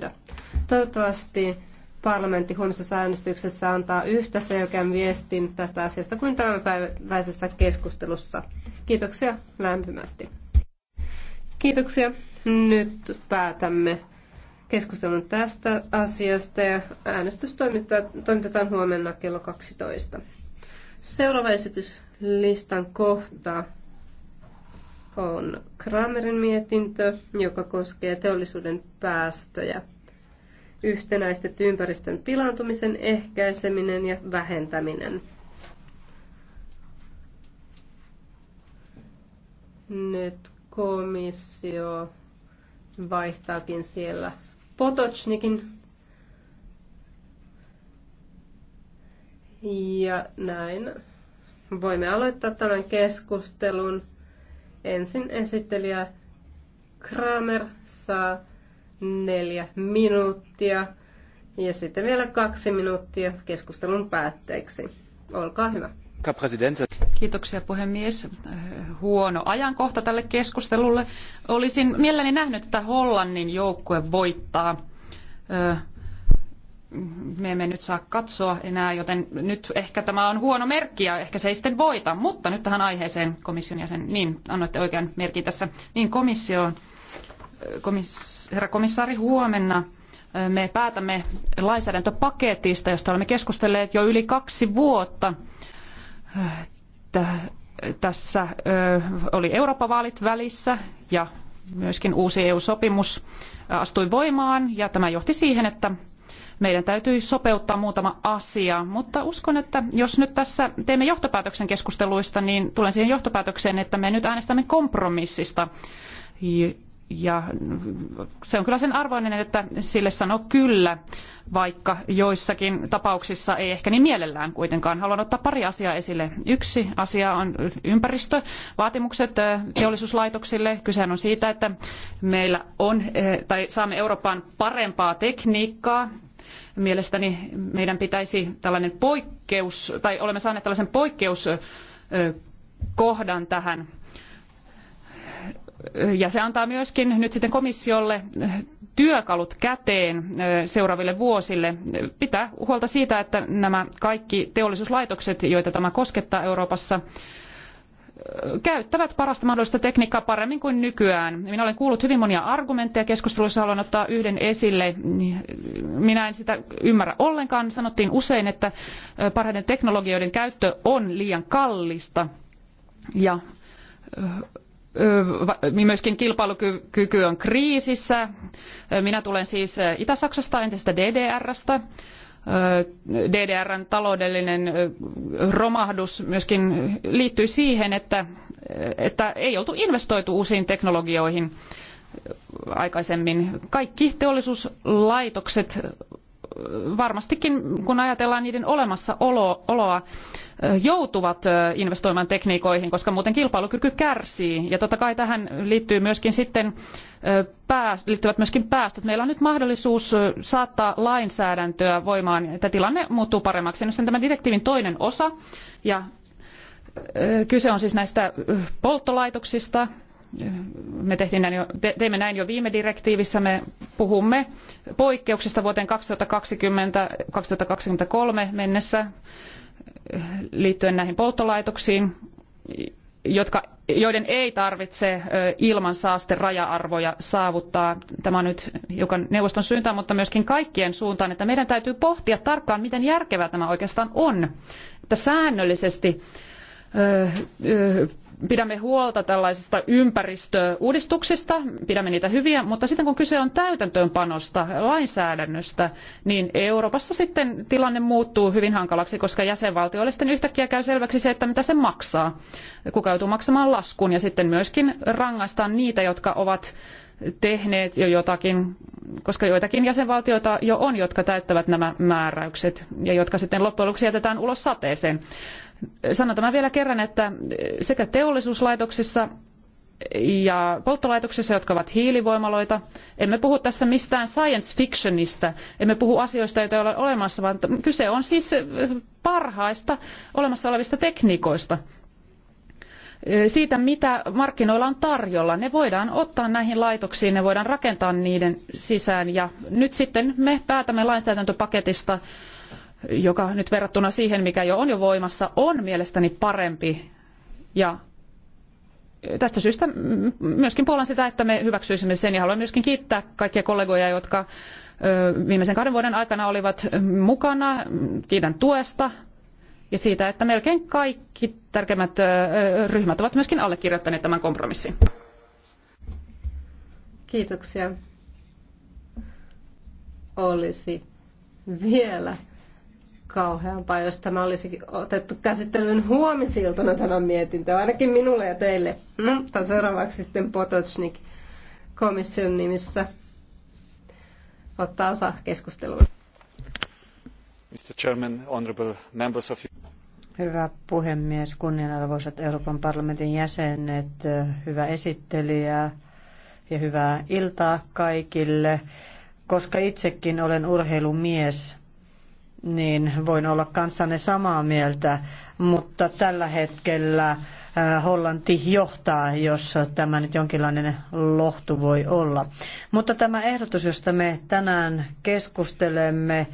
käydä. Toivottavasti parlamentti huomisessa äänestyksessä antaa yhtä selkeän viestin tästä asiasta kuin tämänpäiväisessä keskustelussa. Kiitoksia lämpimästi. Kiitoksia. Nyt päätämme keskustelun tästä asiasta ja äänestys toimitetaan huomenna kello 12. Seuraava esitys listan kohtaa on Kramerin mietintö, joka koskee teollisuuden päästöjä. Yhtenäistetty ympäristön pilaantumisen ehkäiseminen ja vähentäminen. Nyt komissio vaihtaakin siellä Potocnikin. Ja näin. Voimme aloittaa tämän keskustelun. Ensin esittelijä Kramer saa neljä minuuttia ja sitten vielä kaksi minuuttia keskustelun päätteeksi. Olkaa hyvä. Kiitoksia puhemies. Huono ajankohta tälle keskustelulle. Olisin mielelläni nähnyt, että Hollannin joukkue voittaa me emme nyt saa katsoa enää, joten nyt ehkä tämä on huono merkki ja ehkä se ei sitten voita. Mutta nyt tähän aiheeseen komission jäsen, niin annoitte oikean merkin tässä, niin komissioon. herra komissaari, huomenna me päätämme lainsäädäntöpaketista, josta olemme keskustelleet jo yli kaksi vuotta. Tässä oli Eurooppa-vaalit välissä ja myöskin uusi EU-sopimus astui voimaan ja tämä johti siihen, että meidän täytyy sopeuttaa muutama asia, mutta uskon, että jos nyt tässä teemme johtopäätöksen keskusteluista, niin tulen siihen johtopäätökseen, että me nyt äänestämme kompromissista. Ja se on kyllä sen arvoinen, että sille sanoo kyllä, vaikka joissakin tapauksissa ei ehkä niin mielellään kuitenkaan. Haluan ottaa pari asiaa esille. Yksi asia on ympäristövaatimukset teollisuuslaitoksille. Kysehän on siitä, että meillä on tai saamme Eurooppaan parempaa tekniikkaa Mielestäni meidän pitäisi tällainen poikkeus, tai olemme saaneet tällaisen poikkeuskohdan tähän. Ja se antaa myöskin nyt sitten komissiolle työkalut käteen seuraaville vuosille. Pitää huolta siitä, että nämä kaikki teollisuuslaitokset, joita tämä koskettaa Euroopassa, käyttävät parasta mahdollista tekniikkaa paremmin kuin nykyään. Minä olen kuullut hyvin monia argumentteja keskustelussa, haluan ottaa yhden esille. Minä en sitä ymmärrä ollenkaan. Sanottiin usein, että parhaiden teknologioiden käyttö on liian kallista ja myöskin kilpailukyky on kriisissä. Minä tulen siis Itä-Saksasta, entisestä DDRstä DDRn taloudellinen romahdus myöskin liittyi siihen, että, että ei oltu investoitu uusiin teknologioihin aikaisemmin. Kaikki teollisuuslaitokset varmastikin, kun ajatellaan niiden olemassaoloa, joutuvat investoimaan tekniikoihin, koska muuten kilpailukyky kärsii. Ja totta kai tähän liittyy myöskin sitten pääst, liittyvät myöskin päästöt. Meillä on nyt mahdollisuus saattaa lainsäädäntöä voimaan, että tilanne muuttuu paremmaksi. Nyt no, on tämän direktiivin toinen osa ja kyse on siis näistä polttolaitoksista. Me tehtiin näin jo, te, teimme näin jo viime direktiivissä. Me puhumme poikkeuksista vuoteen 2020-2023 mennessä liittyen näihin polttolaitoksiin, jotka, joiden ei tarvitse ilman saaste raja-arvoja saavuttaa. Tämä on nyt hiukan neuvoston suuntaan, mutta myöskin kaikkien suuntaan, että meidän täytyy pohtia tarkkaan, miten järkevää tämä oikeastaan on. Että säännöllisesti pidämme huolta tällaisista ympäristöuudistuksista, pidämme niitä hyviä, mutta sitten kun kyse on täytäntöönpanosta, lainsäädännöstä, niin Euroopassa sitten tilanne muuttuu hyvin hankalaksi, koska jäsenvaltioille sitten yhtäkkiä käy selväksi se, että mitä se maksaa, kuka joutuu maksamaan laskun ja sitten myöskin rangaistaan niitä, jotka ovat tehneet jo jotakin, koska joitakin jäsenvaltioita jo on, jotka täyttävät nämä määräykset ja jotka sitten loppujen lopuksi jätetään ulos sateeseen. Sanon tämän vielä kerran, että sekä teollisuuslaitoksissa ja polttolaitoksissa, jotka ovat hiilivoimaloita. Emme puhu tässä mistään science fictionista, emme puhu asioista, joita ei ole olemassa, vaan kyse on siis parhaista olemassa olevista tekniikoista. Siitä, mitä markkinoilla on tarjolla. Ne voidaan ottaa näihin laitoksiin, ne voidaan rakentaa niiden sisään. Ja nyt sitten me päätämme lainsäädäntöpaketista, joka nyt verrattuna siihen, mikä jo on jo voimassa, on mielestäni parempi. Ja tästä syystä myöskin puolan sitä, että me hyväksyisimme sen ja haluan myöskin kiittää kaikkia kollegoja, jotka viimeisen kahden vuoden aikana olivat mukana. Kiitän tuesta ja siitä, että melkein kaikki tärkeimmät ryhmät ovat myöskin allekirjoittaneet tämän kompromissin. Kiitoksia. Olisi vielä paljon, jos tämä olisi otettu käsittelyyn huomisiltana tämä mietintö, ainakin minulle ja teille. No, mutta seuraavaksi sitten Potocnik komission nimissä ottaa osa keskusteluun. Mr. Chairman, honorable members of... Hyvä puhemies, kunnianarvoisat Euroopan parlamentin jäsenet, hyvä esittelijä ja hyvää iltaa kaikille. Koska itsekin olen urheilumies, niin voin olla kanssanne samaa mieltä, mutta tällä hetkellä äh, Hollanti johtaa, jos tämä nyt jonkinlainen lohtu voi olla. Mutta tämä ehdotus, josta me tänään keskustelemme, äh,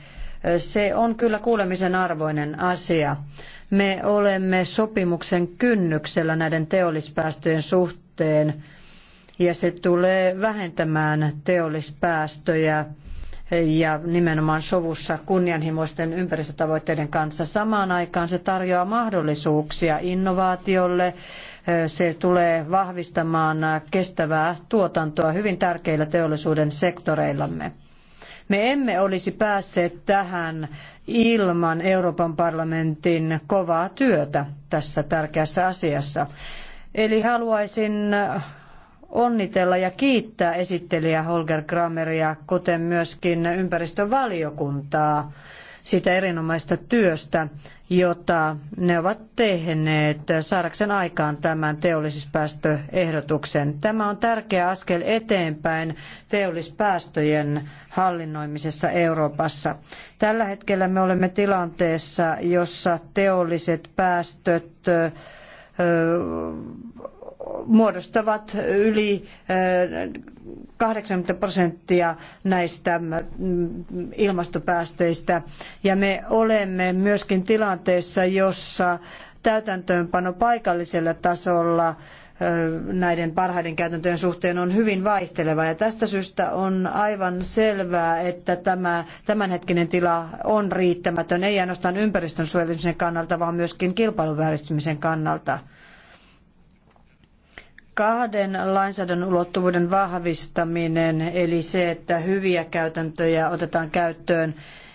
se on kyllä kuulemisen arvoinen asia. Me olemme sopimuksen kynnyksellä näiden teollispäästöjen suhteen ja se tulee vähentämään teollispäästöjä ja nimenomaan sovussa kunnianhimoisten ympäristötavoitteiden kanssa. Samaan aikaan se tarjoaa mahdollisuuksia innovaatiolle, se tulee vahvistamaan kestävää tuotantoa hyvin tärkeillä teollisuuden sektoreillamme. Me emme olisi päässeet tähän ilman Euroopan parlamentin kovaa työtä tässä tärkeässä asiassa. Eli haluaisin onnitella ja kiittää esittelijä Holger Krameria, kuten myöskin ympäristövaliokuntaa siitä erinomaista työstä, jota ne ovat tehneet saadakseen aikaan tämän teollisispäästöehdotuksen. Tämä on tärkeä askel eteenpäin teollispäästöjen hallinnoimisessa Euroopassa. Tällä hetkellä me olemme tilanteessa, jossa teolliset päästöt muodostavat yli 80 prosenttia näistä mm, ilmastopäästöistä. Ja me olemme myöskin tilanteessa, jossa täytäntöönpano paikallisella tasolla näiden parhaiden käytäntöjen suhteen on hyvin vaihteleva. Ja tästä syystä on aivan selvää, että tämä tämänhetkinen tila on riittämätön, ei ainoastaan ympäristön suojelemisen kannalta, vaan myöskin kilpailuvääristymisen kannalta kahden lainsäädännön ulottuvuuden vahvistaminen, eli se, että hyviä käytäntöjä otetaan käyttöön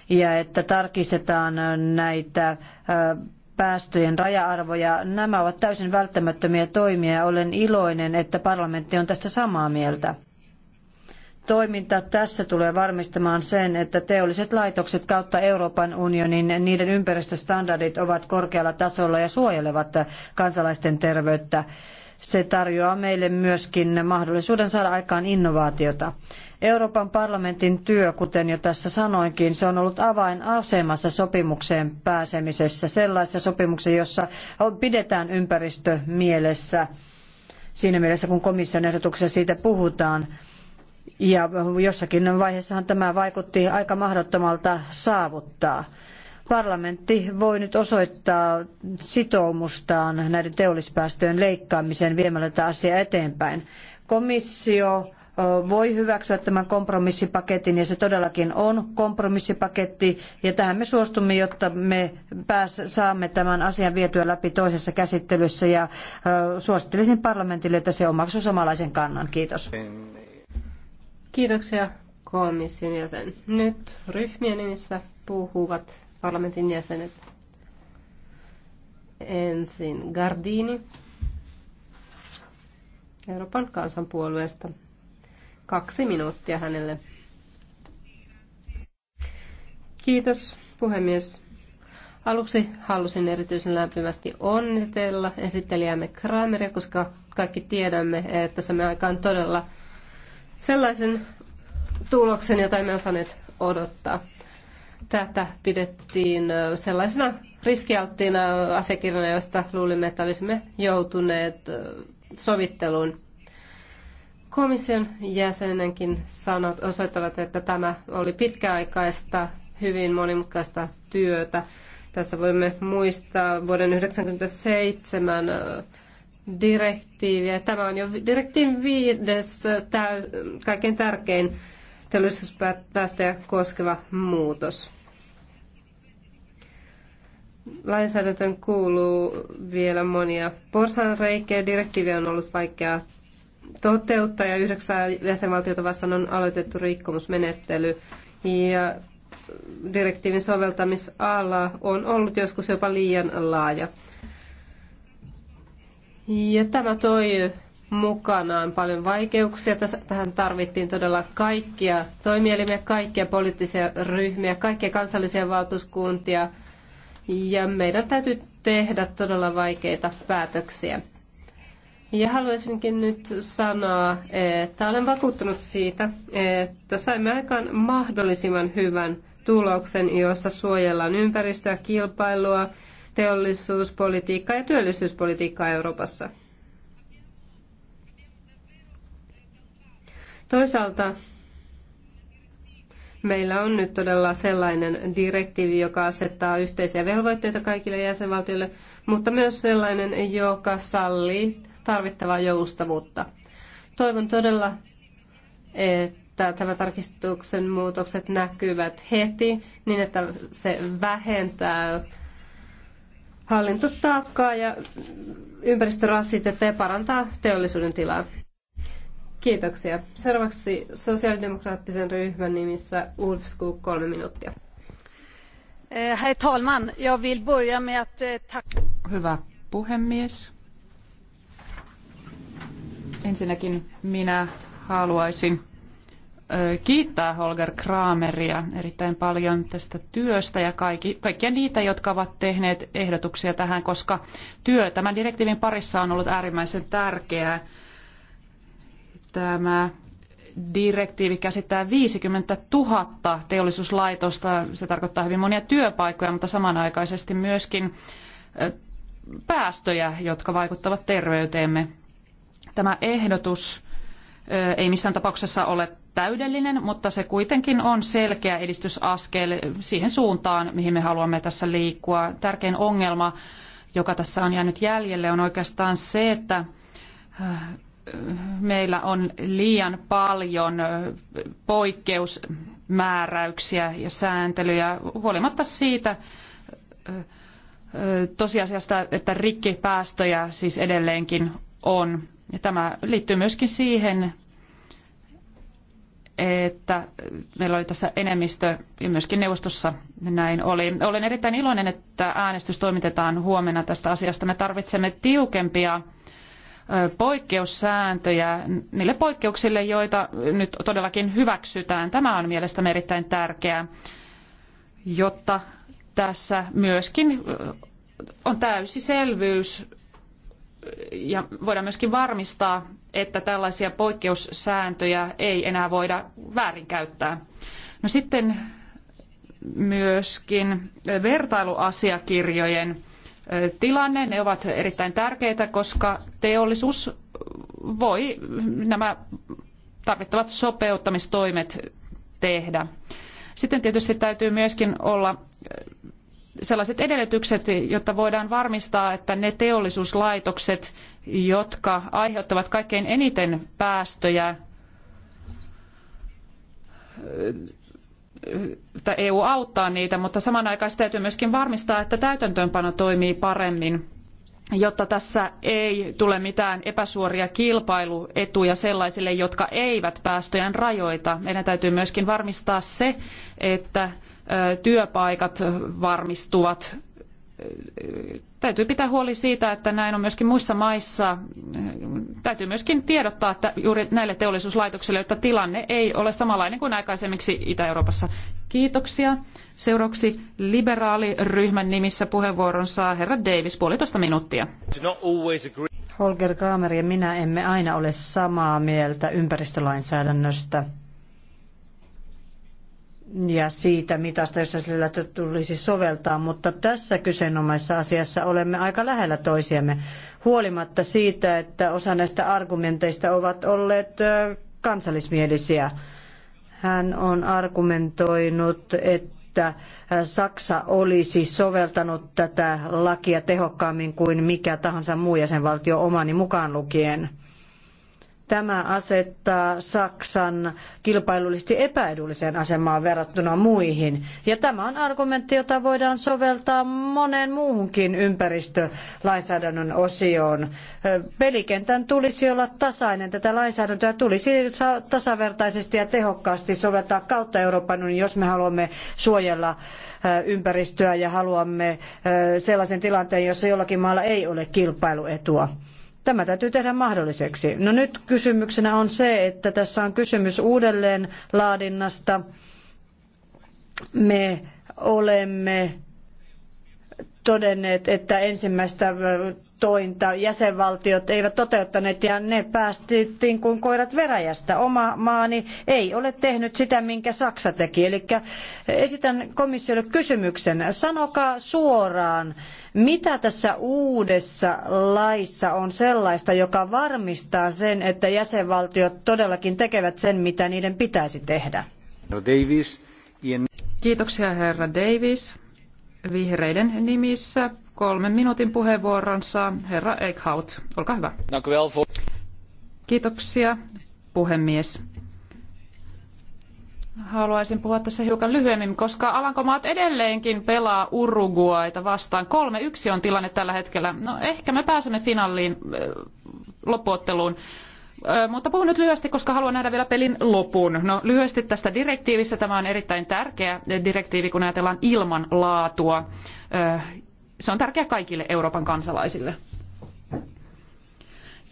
ja että tarkistetaan näitä päästöjen raja-arvoja. Nämä ovat täysin välttämättömiä toimia ja olen iloinen, että parlamentti on tästä samaa mieltä. Toiminta tässä tulee varmistamaan sen, että teolliset laitokset kautta Euroopan unionin niiden ympäristöstandardit ovat korkealla tasolla ja suojelevat kansalaisten terveyttä. Se tarjoaa meille myöskin mahdollisuuden saada aikaan innovaatiota. Euroopan parlamentin työ, kuten jo tässä sanoinkin, se on ollut avainasemassa sopimukseen pääsemisessä, sellaisessa sopimuksessa, jossa pidetään ympäristö mielessä, siinä mielessä kun komission ehdotuksessa siitä puhutaan. Ja jossakin vaiheessahan tämä vaikutti aika mahdottomalta saavuttaa. Parlamentti voi nyt osoittaa sitoumustaan näiden teollispäästöjen leikkaamiseen viemällä tätä asiaa eteenpäin. Komissio voi hyväksyä tämän kompromissipaketin ja se todellakin on kompromissipaketti ja tähän me suostumme, jotta me pääs, saamme tämän asian vietyä läpi toisessa käsittelyssä ja suosittelisin parlamentille, että se omaksuu samanlaisen kannan. Kiitos. Kiitoksia komission jäsen. Nyt ryhmien nimissä puhuvat parlamentin jäsenet. Ensin Gardini Euroopan kansanpuolueesta. Kaksi minuuttia hänelle. Kiitos puhemies. Aluksi halusin erityisen lämpimästi onnitella esittelijämme Krameria, koska kaikki tiedämme, että saamme aikaan todella sellaisen tuloksen, jota emme osanneet odottaa. Tätä pidettiin sellaisena riskialttiina asiakirjana, josta luulimme, että olisimme joutuneet sovitteluun. Komission jäsenenkin sanat osoittavat, että tämä oli pitkäaikaista, hyvin monimutkaista työtä. Tässä voimme muistaa vuoden 1997 direktiiviä. Tämä on jo direktiivin viides täy, kaikkein tärkein teollisuuspäästöjä koskeva muutos. Lainsäädäntöön kuuluu vielä monia porsanreikiä. direktiivi on ollut vaikea toteuttaa ja yhdeksää jäsenvaltiota vastaan on aloitettu rikkomusmenettely. Ja direktiivin soveltamisala on ollut joskus jopa liian laaja. Ja tämä toi mukanaan paljon vaikeuksia. Tähän tarvittiin todella kaikkia toimielimiä, kaikkia poliittisia ryhmiä, kaikkia kansallisia valtuuskuntia. Ja meidän täytyy tehdä todella vaikeita päätöksiä. Ja haluaisinkin nyt sanoa, että olen vakuuttunut siitä, että saimme aikaan mahdollisimman hyvän tuloksen, jossa suojellaan ympäristöä, kilpailua, teollisuuspolitiikkaa ja työllisyyspolitiikkaa Euroopassa. Toisaalta meillä on nyt todella sellainen direktiivi, joka asettaa yhteisiä velvoitteita kaikille jäsenvaltioille, mutta myös sellainen, joka sallii tarvittavaa joustavuutta. Toivon todella, että tämä tarkistuksen muutokset näkyvät heti niin, että se vähentää hallintotaakkaa ja ympäristörasitetta ja parantaa teollisuuden tilaa. Kiitoksia. Seuraavaksi sosiaalidemokraattisen ryhmän nimissä Ulf Skog, kolme minuuttia. Eh, herr talman, jag vill börja med att eh, tacka... Hyvä puhemies. Ensinnäkin minä haluaisin eh, kiittää Holger Krameria erittäin paljon tästä työstä ja kaikki, kaikkia niitä, jotka ovat tehneet ehdotuksia tähän, koska työ tämän direktiivin parissa on ollut äärimmäisen tärkeää Tämä direktiivi käsittää 50 000 teollisuuslaitosta. Se tarkoittaa hyvin monia työpaikkoja, mutta samanaikaisesti myöskin päästöjä, jotka vaikuttavat terveyteemme. Tämä ehdotus ei missään tapauksessa ole täydellinen, mutta se kuitenkin on selkeä edistysaskel siihen suuntaan, mihin me haluamme tässä liikkua. Tärkein ongelma, joka tässä on jäänyt jäljelle, on oikeastaan se, että meillä on liian paljon poikkeusmääräyksiä ja sääntelyjä huolimatta siitä tosiasiasta, että rikkipäästöjä siis edelleenkin on. Ja tämä liittyy myöskin siihen, että meillä oli tässä enemmistö ja myöskin neuvostossa näin oli. Olen erittäin iloinen, että äänestys toimitetaan huomenna tästä asiasta. Me tarvitsemme tiukempia poikkeussääntöjä niille poikkeuksille, joita nyt todellakin hyväksytään. Tämä on mielestäni erittäin tärkeää, jotta tässä myöskin on täysi selvyys ja voidaan myöskin varmistaa, että tällaisia poikkeussääntöjä ei enää voida väärinkäyttää. No sitten myöskin vertailuasiakirjojen tilanne. Ne ovat erittäin tärkeitä, koska teollisuus voi nämä tarvittavat sopeuttamistoimet tehdä. Sitten tietysti täytyy myöskin olla sellaiset edellytykset, jotta voidaan varmistaa, että ne teollisuuslaitokset, jotka aiheuttavat kaikkein eniten päästöjä, että EU auttaa niitä, mutta samanaikaisesti täytyy myöskin varmistaa, että täytäntöönpano toimii paremmin, jotta tässä ei tule mitään epäsuoria kilpailuetuja sellaisille, jotka eivät päästöjen rajoita. Meidän täytyy myöskin varmistaa se, että työpaikat varmistuvat täytyy pitää huoli siitä, että näin on myöskin muissa maissa. Täytyy myöskin tiedottaa että juuri näille teollisuuslaitoksille, jotta tilanne ei ole samanlainen kuin aikaisemmiksi Itä-Euroopassa. Kiitoksia. Seuraavaksi liberaaliryhmän nimissä puheenvuoron saa herra Davis puolitoista minuuttia. Holger Kramer ja minä emme aina ole samaa mieltä ympäristölainsäädännöstä ja siitä mitasta, jossa sillä tulisi soveltaa, mutta tässä kyseenomaisessa asiassa olemme aika lähellä toisiamme, huolimatta siitä, että osa näistä argumenteista ovat olleet kansallismielisiä. Hän on argumentoinut, että Saksa olisi soveltanut tätä lakia tehokkaammin kuin mikä tahansa muu jäsenvaltio omani mukaan lukien. Tämä asettaa Saksan kilpailullisesti epäedulliseen asemaan verrattuna muihin. Ja tämä on argumentti, jota voidaan soveltaa moneen muuhunkin ympäristölainsäädännön osioon. Pelikentän tulisi olla tasainen. Tätä lainsäädäntöä tulisi tasavertaisesti ja tehokkaasti soveltaa kautta Euroopan unionin, jos me haluamme suojella ympäristöä ja haluamme sellaisen tilanteen, jossa jollakin maalla ei ole kilpailuetua. Tämä täytyy tehdä mahdolliseksi. No nyt kysymyksenä on se, että tässä on kysymys uudelleen laadinnasta. Me olemme todenneet, että ensimmäistä tointa jäsenvaltiot eivät toteuttaneet ja ne päästettiin kuin koirat veräjästä. Oma maani ei ole tehnyt sitä, minkä Saksa teki. Eli esitän komissiolle kysymyksen. Sanokaa suoraan, mitä tässä uudessa laissa on sellaista, joka varmistaa sen, että jäsenvaltiot todellakin tekevät sen, mitä niiden pitäisi tehdä? Kiitoksia herra Davis. Vihreiden nimissä kolmen minuutin puheenvuoronsa herra Eichhout. Olkaa hyvä. Kiitoksia, puhemies. Haluaisin puhua tässä hiukan lyhyemmin, koska Alankomaat edelleenkin pelaa Uruguaita vastaan. Kolme yksi on tilanne tällä hetkellä. No ehkä me pääsemme finaaliin loppuotteluun. Mutta puhun nyt lyhyesti, koska haluan nähdä vielä pelin lopun. No, lyhyesti tästä direktiivistä. Tämä on erittäin tärkeä direktiivi, kun ajatellaan ilmanlaatua se on tärkeä kaikille Euroopan kansalaisille.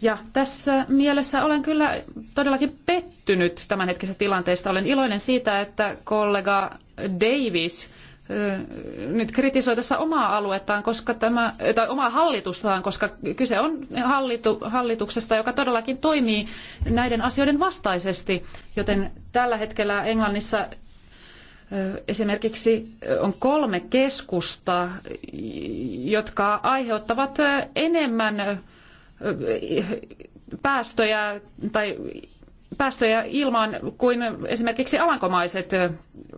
Ja tässä mielessä olen kyllä todellakin pettynyt tämänhetkisestä tilanteesta. Olen iloinen siitä, että kollega Davis nyt kritisoi tässä omaa aluettaan, koska tämä, tai omaa hallitustaan, koska kyse on hallitu, hallituksesta, joka todellakin toimii näiden asioiden vastaisesti. Joten tällä hetkellä Englannissa Esimerkiksi on kolme keskusta, jotka aiheuttavat enemmän päästöjä tai päästöjä ilmaan kuin esimerkiksi alankomaiset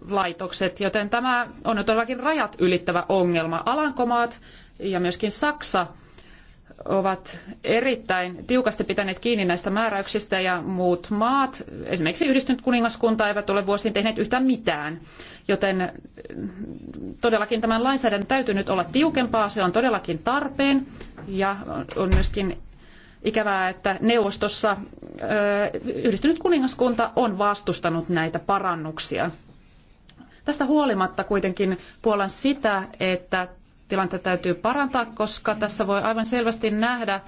laitokset, joten tämä on todellakin rajat ylittävä ongelma. Alankomaat ja myöskin Saksa ovat erittäin tiukasti pitäneet kiinni näistä määräyksistä ja muut maat, esimerkiksi yhdistynyt kuningaskunta, eivät ole vuosiin tehneet yhtään mitään. Joten mm, todellakin tämän lainsäädännön täytyy nyt olla tiukempaa, se on todellakin tarpeen ja on myöskin ikävää, että neuvostossa yhdistynyt kuningaskunta on vastustanut näitä parannuksia. Tästä huolimatta kuitenkin puolan sitä, että tilannetta täytyy parantaa, koska tässä voi aivan selvästi nähdä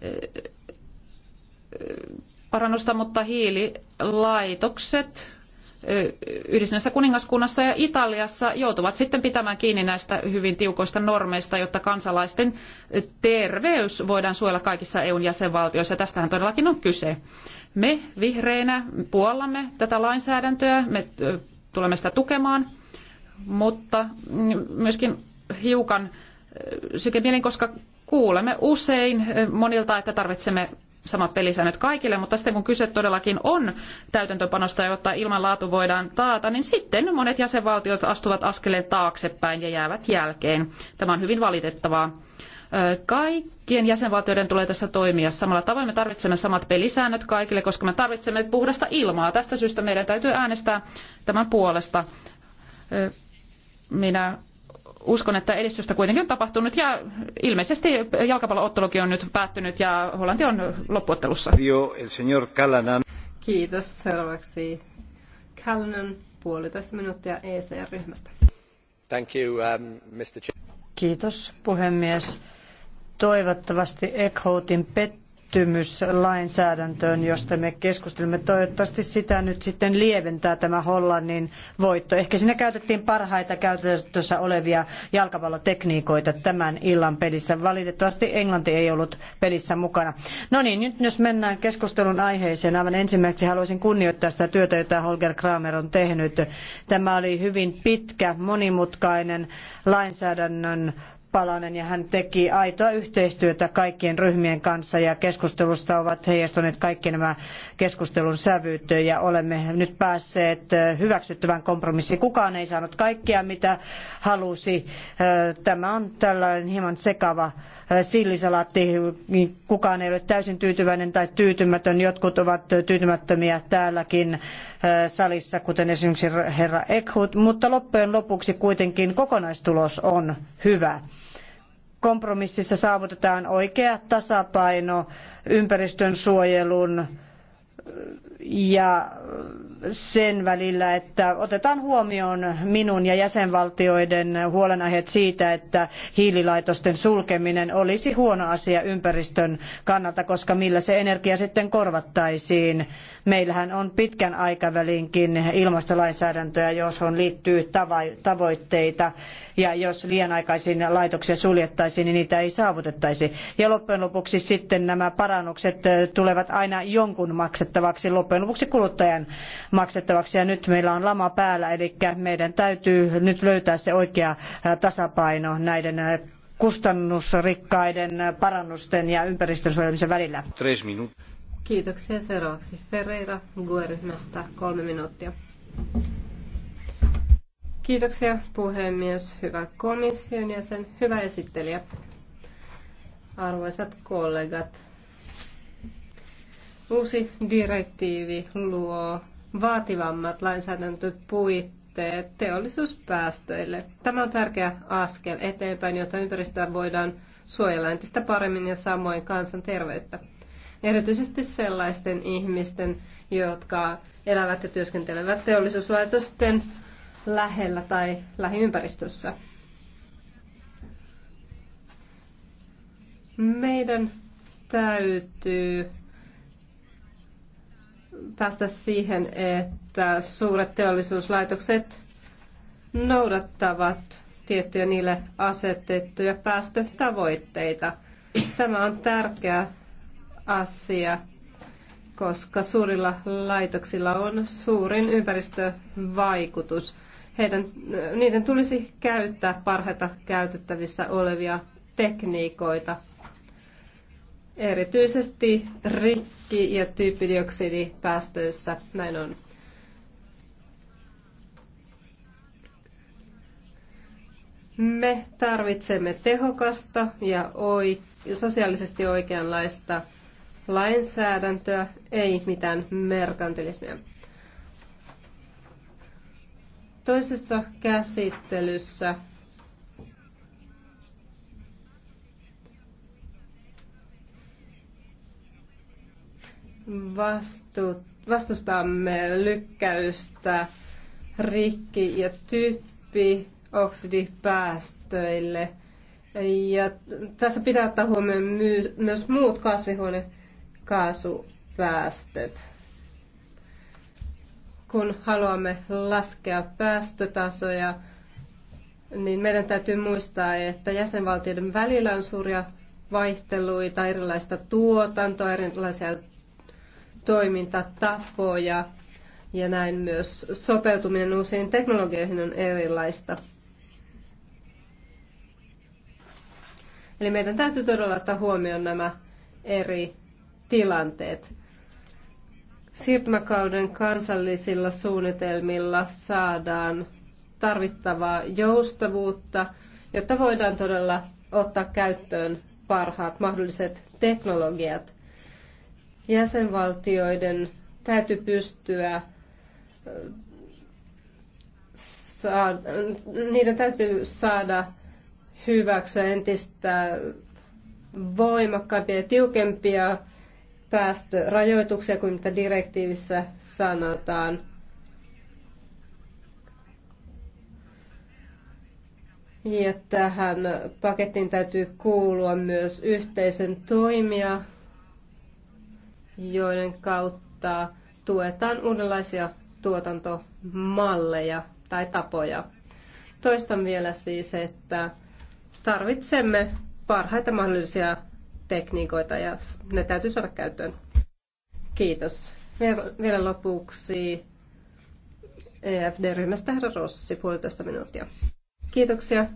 eh, parannusta, mutta hiililaitokset eh, Yhdistyneessä kuningaskunnassa ja Italiassa joutuvat sitten pitämään kiinni näistä hyvin tiukoista normeista, jotta kansalaisten terveys voidaan suojella kaikissa EUn jäsenvaltioissa. Tästähän todellakin on kyse. Me vihreinä puollamme tätä lainsäädäntöä, me eh, tulemme sitä tukemaan, mutta mm, myöskin hiukan sykemielin, koska kuulemme usein monilta, että tarvitsemme samat pelisäännöt kaikille, mutta sitten kun kyse todellakin on täytäntöpanosta, jotta ilmanlaatu voidaan taata, niin sitten monet jäsenvaltiot astuvat askeleen taaksepäin ja jäävät jälkeen. Tämä on hyvin valitettavaa. Kaikkien jäsenvaltioiden tulee tässä toimia samalla tavoin. Me tarvitsemme samat pelisäännöt kaikille, koska me tarvitsemme puhdasta ilmaa. Tästä syystä meidän täytyy äänestää tämän puolesta. Minä uskon, että edistystä kuitenkin on tapahtunut ja ilmeisesti jalkapalloottelukin on nyt päättynyt ja Hollanti on loppuottelussa. Kiitos. Seuraavaksi Callanan puolitoista minuuttia ECR-ryhmästä. Thank you, um, Mr. Kiitos puhemies. Toivottavasti Eckhotin pettymys pettymyslainsäädäntöön, josta me keskustelimme. Toivottavasti sitä nyt sitten lieventää tämä Hollannin voitto. Ehkä siinä käytettiin parhaita käytössä olevia jalkapallotekniikoita tämän illan pelissä. Valitettavasti Englanti ei ollut pelissä mukana. No niin, nyt jos mennään keskustelun aiheeseen. Aivan ensimmäiseksi haluaisin kunnioittaa sitä työtä, jota Holger Kramer on tehnyt. Tämä oli hyvin pitkä, monimutkainen lainsäädännön Palanen ja hän teki aitoa yhteistyötä kaikkien ryhmien kanssa ja keskustelusta ovat heijastuneet kaikki nämä keskustelun sävyt ja olemme nyt päässeet hyväksyttävään kompromissiin. Kukaan ei saanut kaikkea mitä halusi. Tämä on tällainen hieman sekava Äh, sillisalaatti, niin kukaan ei ole täysin tyytyväinen tai tyytymätön. Jotkut ovat tyytymättömiä täälläkin äh, salissa, kuten esimerkiksi herra Ekhut, mutta loppujen lopuksi kuitenkin kokonaistulos on hyvä kompromississa saavutetaan oikea tasapaino ympäristön suojelun ja sen välillä, että otetaan huomioon minun ja jäsenvaltioiden huolenaiheet siitä, että hiililaitosten sulkeminen olisi huono asia ympäristön kannalta, koska millä se energia sitten korvattaisiin Meillähän on pitkän aikavälinkin ilmastolainsäädäntöä, johon liittyy tavoitteita ja jos liian aikaisin laitoksia suljettaisiin, niin niitä ei saavutettaisi. Ja loppujen lopuksi sitten nämä parannukset tulevat aina jonkun maksettavaksi, loppujen lopuksi kuluttajan maksettavaksi ja nyt meillä on lama päällä, eli meidän täytyy nyt löytää se oikea tasapaino näiden kustannusrikkaiden parannusten ja ympäristönsuojelmisen välillä. Kiitoksia. Seuraavaksi Ferreira GUE-ryhmästä kolme minuuttia. Kiitoksia puhemies, hyvä komission jäsen, hyvä esittelijä, arvoisat kollegat. Uusi direktiivi luo vaativammat lainsäädäntöpuitteet teollisuuspäästöille. Tämä on tärkeä askel eteenpäin, jotta ympäristöä voidaan suojella entistä paremmin ja samoin kansanterveyttä. terveyttä erityisesti sellaisten ihmisten, jotka elävät ja työskentelevät teollisuuslaitosten lähellä tai lähiympäristössä. Meidän täytyy päästä siihen, että suuret teollisuuslaitokset noudattavat tiettyjä niille asetettuja päästötavoitteita. Tämä on tärkeää asia, koska suurilla laitoksilla on suurin ympäristövaikutus. Heidän, niiden tulisi käyttää parhaita käytettävissä olevia tekniikoita, erityisesti rikki- ja tyyppidioksidipäästöissä. Näin on. Me tarvitsemme tehokasta ja oi, sosiaalisesti oikeanlaista lainsäädäntöä, ei mitään merkantilismia. Toisessa käsittelyssä vastustamme lykkäystä rikki- ja typpioksidipäästöille. Ja tässä pitää ottaa huomioon myös muut kasvihuone kaasupäästöt. Kun haluamme laskea päästötasoja, niin meidän täytyy muistaa, että jäsenvaltioiden välillä on suuria vaihteluita, erilaista tuotantoa, erilaisia toimintatapoja ja näin myös sopeutuminen uusiin teknologioihin on erilaista. Eli meidän täytyy todella ottaa huomioon nämä eri tilanteet. Siirtymäkauden kansallisilla suunnitelmilla saadaan tarvittavaa joustavuutta, jotta voidaan todella ottaa käyttöön parhaat mahdolliset teknologiat. Jäsenvaltioiden täytyy pystyä äh, saada, niiden täytyy saada hyväksyä entistä voimakkaampia ja tiukempia päästörajoituksia kuin mitä direktiivissä sanotaan. Ja tähän pakettiin täytyy kuulua myös yhteisön toimia, joiden kautta tuetaan uudenlaisia tuotantomalleja tai tapoja. Toistan vielä siis, että tarvitsemme parhaita mahdollisia tekniikoita ja ne täytyy saada käyttöön. Kiitos. Vielä lopuksi EFD-ryhmästä herra Rossi, puolitoista minuuttia. Kiitoksia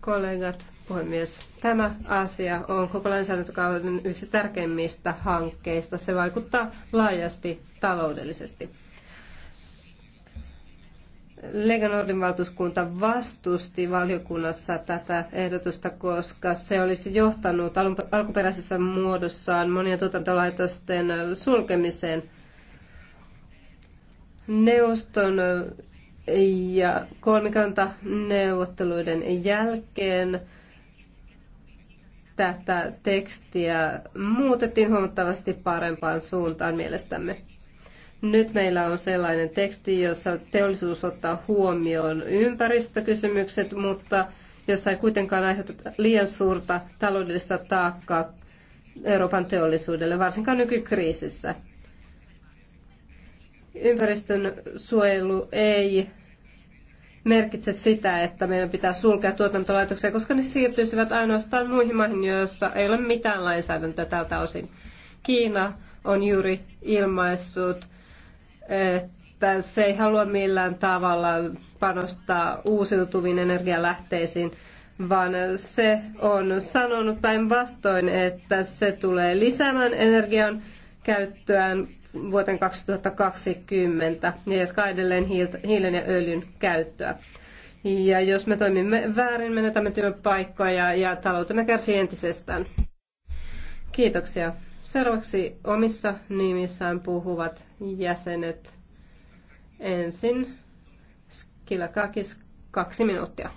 kollegat, puhemies. Tämä asia on koko lainsäädäntökauden yksi tärkeimmistä hankkeista. Se vaikuttaa laajasti taloudellisesti. Lega Nordin valtuuskunta vastusti valiokunnassa tätä ehdotusta, koska se olisi johtanut alkuperäisessä muodossaan monien tuotantolaitosten sulkemiseen. Neuvoston ja kolmikantaneuvotteluiden jälkeen tätä tekstiä muutettiin huomattavasti parempaan suuntaan mielestämme. Nyt meillä on sellainen teksti, jossa teollisuus ottaa huomioon ympäristökysymykset, mutta jossa ei kuitenkaan aiheuta liian suurta taloudellista taakkaa Euroopan teollisuudelle, varsinkaan nykykriisissä. Ympäristön suojelu ei merkitse sitä, että meidän pitää sulkea tuotantolaitoksia, koska ne siirtyisivät ainoastaan muihin maihin, joissa ei ole mitään lainsäädäntöä tältä osin. Kiina on juuri ilmaissut että se ei halua millään tavalla panostaa uusiutuviin energialähteisiin, vaan se on sanonut päinvastoin, että se tulee lisäämään energian käyttöään vuoteen 2020 ja jatkaa edelleen hiilen ja öljyn käyttöä. Ja jos me toimimme väärin, menetämme työpaikkoja ja taloutemme kärsii entisestään. Kiitoksia. Seuraavaksi omissa nimissään puhuvat jäsenet. Ensin Skilakakis, kaksi minuuttia.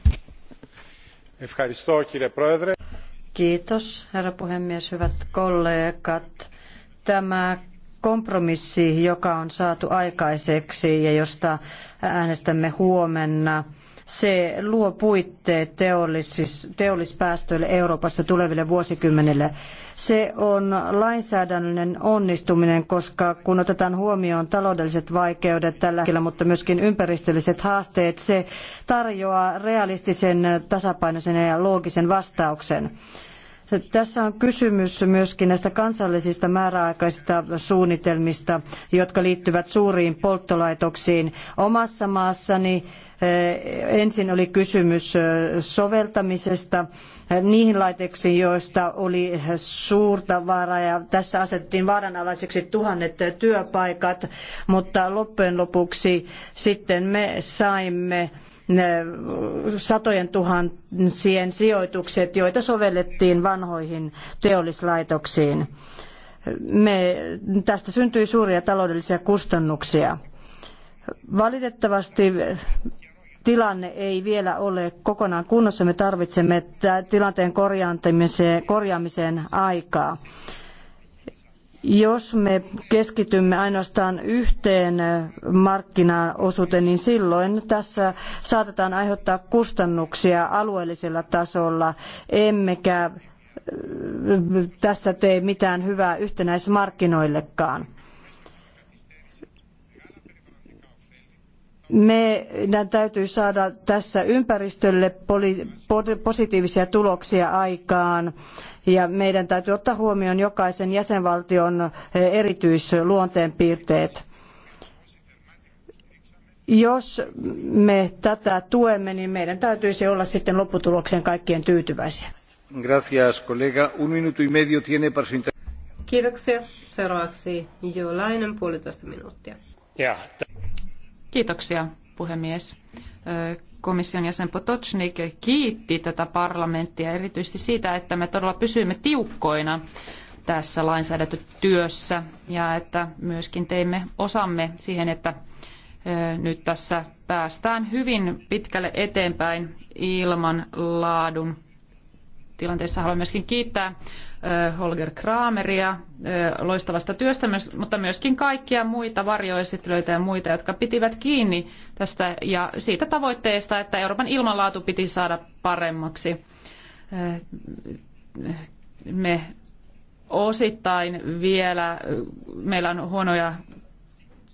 Kiitos, herra puhemies, hyvät kollegat. Tämä kompromissi, joka on saatu aikaiseksi ja josta äänestämme huomenna, se luo puitteet teollis, teollispäästöille Euroopassa tuleville vuosikymmenille. Se on lainsäädännöllinen onnistuminen, koska kun otetaan huomioon taloudelliset vaikeudet tällä hetkellä, mutta myöskin ympäristölliset haasteet, se tarjoaa realistisen, tasapainoisen ja loogisen vastauksen. Tässä on kysymys myöskin näistä kansallisista määräaikaisista suunnitelmista, jotka liittyvät suuriin polttolaitoksiin. Omassa maassani eh, ensin oli kysymys eh, soveltamisesta eh, niihin laitoksiin, joista oli suurta vaaraa ja tässä asettiin vaaranalaiseksi tuhannet työpaikat, mutta loppujen lopuksi sitten me saimme satojen tuhansien sijoitukset, joita sovellettiin vanhoihin teollislaitoksiin. Me, tästä syntyi suuria taloudellisia kustannuksia. Valitettavasti tilanne ei vielä ole kokonaan kunnossa. Me tarvitsemme tilanteen korjaamiseen aikaa. Jos me keskitymme ainoastaan yhteen markkinaosuuteen, niin silloin tässä saatetaan aiheuttaa kustannuksia alueellisella tasolla, emmekä tässä tee mitään hyvää yhtenäismarkkinoillekaan. meidän täytyy saada tässä ympäristölle positiivisia tuloksia aikaan ja meidän täytyy ottaa huomioon jokaisen jäsenvaltion erityisluonteenpiirteet. Jos me tätä tuemme, niin meidän täytyisi olla sitten lopputulokseen kaikkien tyytyväisiä. Gracias, Un minuto y medio tiene para su Kiitoksia. Seuraavaksi Jolainen puolitoista minuuttia. Yeah. Kiitoksia, puhemies. Komission jäsen Potocnik kiitti tätä parlamenttia erityisesti siitä, että me todella pysyimme tiukkoina tässä lainsäädäntötyössä ja että myöskin teimme osamme siihen, että nyt tässä päästään hyvin pitkälle eteenpäin ilman laadun tilanteessa. Haluan myöskin kiittää Holger Krameria loistavasta työstä, mutta myöskin kaikkia muita varjoesittelyitä ja muita, jotka pitivät kiinni tästä ja siitä tavoitteesta, että Euroopan ilmanlaatu piti saada paremmaksi. Me osittain vielä, meillä on huonoja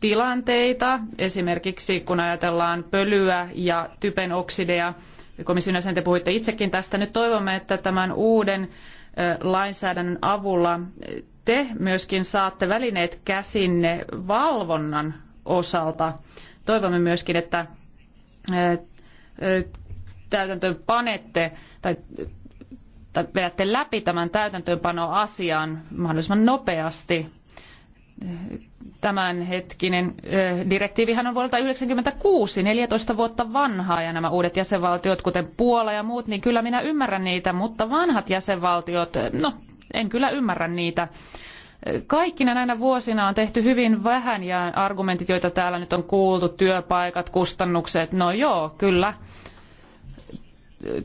tilanteita, esimerkiksi kun ajatellaan pölyä ja typen oksideja, komission jäsen te puhuitte itsekin tästä, nyt toivomme, että tämän uuden lainsäädännön avulla te myöskin saatte välineet käsinne valvonnan osalta. Toivomme myöskin, että täytäntöön panette tai, tai vedätte läpi tämän täytäntöönpanoasian mahdollisimman nopeasti tämänhetkinen eh, direktiivihän on vuodelta 1996, 14 vuotta vanhaa ja nämä uudet jäsenvaltiot, kuten Puola ja muut, niin kyllä minä ymmärrän niitä, mutta vanhat jäsenvaltiot, eh, no en kyllä ymmärrä niitä. Eh, kaikkina näinä vuosina on tehty hyvin vähän ja argumentit, joita täällä nyt on kuultu, työpaikat, kustannukset, no joo, kyllä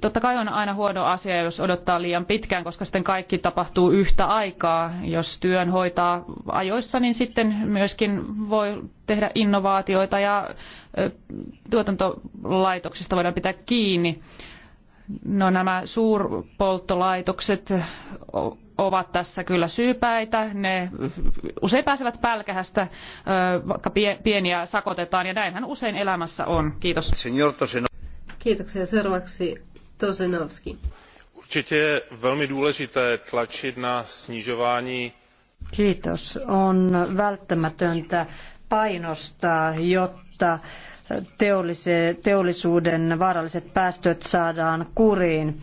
totta kai on aina huono asia, jos odottaa liian pitkään, koska sitten kaikki tapahtuu yhtä aikaa. Jos työn hoitaa ajoissa, niin sitten myöskin voi tehdä innovaatioita ja tuotantolaitoksista voidaan pitää kiinni. No nämä suurpolttolaitokset ovat tässä kyllä syypäitä. Ne usein pääsevät pälkähästä, vaikka pieniä sakotetaan, ja näinhän usein elämässä on. Kiitos. Kiitoksia. Seuraavaksi Tosinovski. Určitě je velmi důležité tlačit na snižování. Kiitos. On välttämätöntä painostaa, jotta teollisuuden vaaralliset päästöt saadaan kuriin.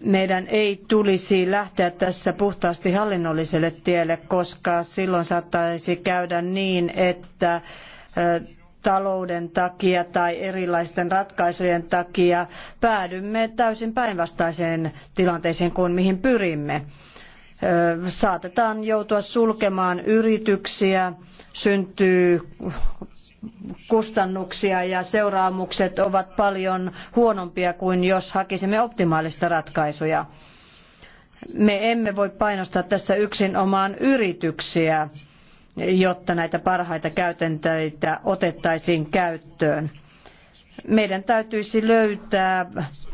Meidän ei tulisi lähteä tässä puhtaasti hallinnolliselle tielle, koska silloin saattaisi käydä niin, että talouden takia tai erilaisten ratkaisujen takia päädymme täysin päinvastaiseen tilanteeseen kuin mihin pyrimme. Saatetaan joutua sulkemaan yrityksiä, syntyy kustannuksia ja seuraamukset ovat paljon huonompia kuin jos hakisimme optimaalista ratkaisuja. Me emme voi painostaa tässä yksin omaan yrityksiä jotta näitä parhaita käytänteitä otettaisiin käyttöön. Meidän täytyisi löytää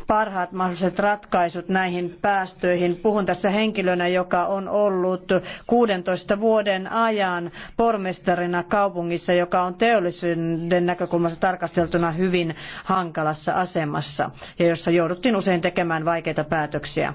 parhaat mahdolliset ratkaisut näihin päästöihin. Puhun tässä henkilönä, joka on ollut 16 vuoden ajan pormestarina kaupungissa, joka on teollisuuden näkökulmasta tarkasteltuna hyvin hankalassa asemassa ja jossa jouduttiin usein tekemään vaikeita päätöksiä.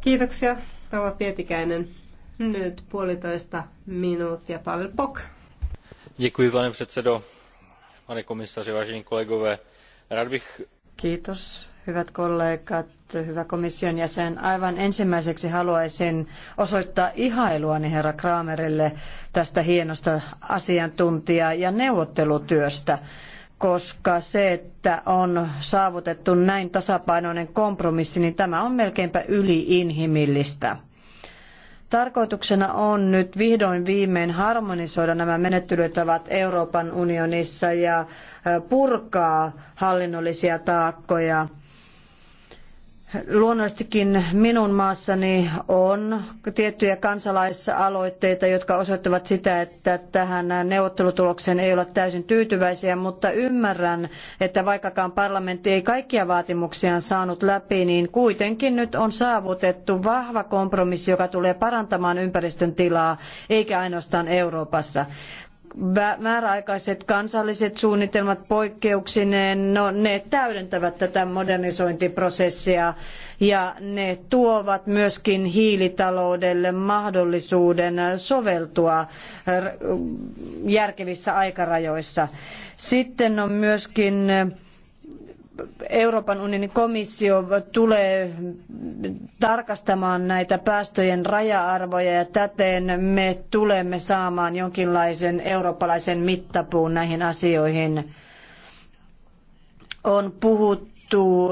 Kiitoksia, Rauha Pietikäinen. Nyt puolitoista minuuttia, Pavel Pok. Děkuji, pane předsedo, pane komisaři, vážení kolegové. Rád bych... Kiitos, hyvät kollegat, hyvä komission jäsen. Aivan ensimmäiseksi haluaisin osoittaa ihailuani herra Kramerille tästä hienosta asiantuntija- ja neuvottelutyöstä koska se, että on saavutettu näin tasapainoinen kompromissi, niin tämä on melkeinpä yliinhimillistä. Tarkoituksena on nyt vihdoin viimein harmonisoida nämä menettelytavat Euroopan unionissa ja purkaa hallinnollisia taakkoja Luonnollisestikin minun maassani on tiettyjä kansalaisaloitteita, jotka osoittavat sitä, että tähän neuvottelutulokseen ei olla täysin tyytyväisiä, mutta ymmärrän, että vaikkakaan parlamentti ei kaikkia vaatimuksiaan saanut läpi, niin kuitenkin nyt on saavutettu vahva kompromissi, joka tulee parantamaan ympäristön tilaa, eikä ainoastaan Euroopassa määräaikaiset kansalliset suunnitelmat poikkeuksineen, no, ne täydentävät tätä modernisointiprosessia ja ne tuovat myöskin hiilitaloudelle mahdollisuuden soveltua järkevissä aikarajoissa. Sitten on myöskin Euroopan unionin komissio tulee tarkastamaan näitä päästöjen raja-arvoja ja täten me tulemme saamaan jonkinlaisen eurooppalaisen mittapuun näihin asioihin. On puhuttu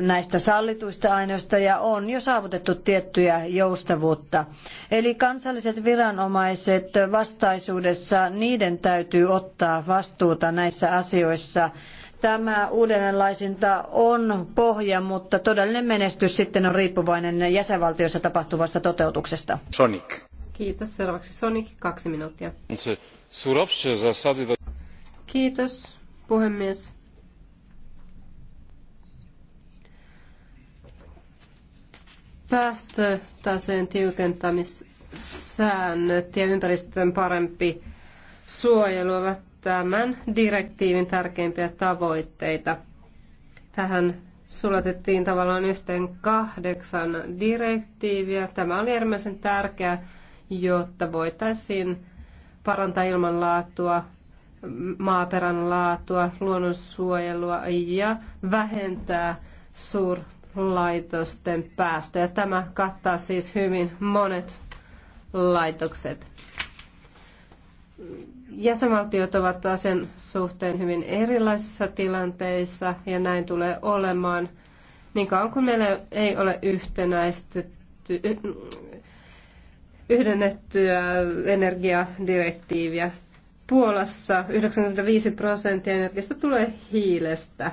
näistä sallituista aineista ja on jo saavutettu tiettyä joustavuutta. Eli kansalliset viranomaiset vastaisuudessa, niiden täytyy ottaa vastuuta näissä asioissa Tämä uudenlaisinta on pohja, mutta todellinen menestys sitten on riippuvainen jäsenvaltioissa tapahtuvasta toteutuksesta. Sonic. Kiitos. Seuraavaksi Sonic, kaksi minuuttia. Kiitos, puhemies. Päästötaseen tiukentamissäännöt ja ympäristön parempi suojelu ovat tämän direktiivin tärkeimpiä tavoitteita. Tähän sulatettiin tavallaan yhteen kahdeksan direktiiviä. Tämä oli äärimmäisen tärkeä, jotta voitaisiin parantaa ilmanlaatua, maaperän laatua, luonnonsuojelua ja vähentää suurlaitosten päästöjä. Tämä kattaa siis hyvin monet laitokset jäsenvaltiot ovat asian suhteen hyvin erilaisissa tilanteissa ja näin tulee olemaan niin kauan kuin meillä ei ole yhtenäistetty, yhdennettyä energiadirektiiviä. Puolassa 95 prosenttia energiasta tulee hiilestä.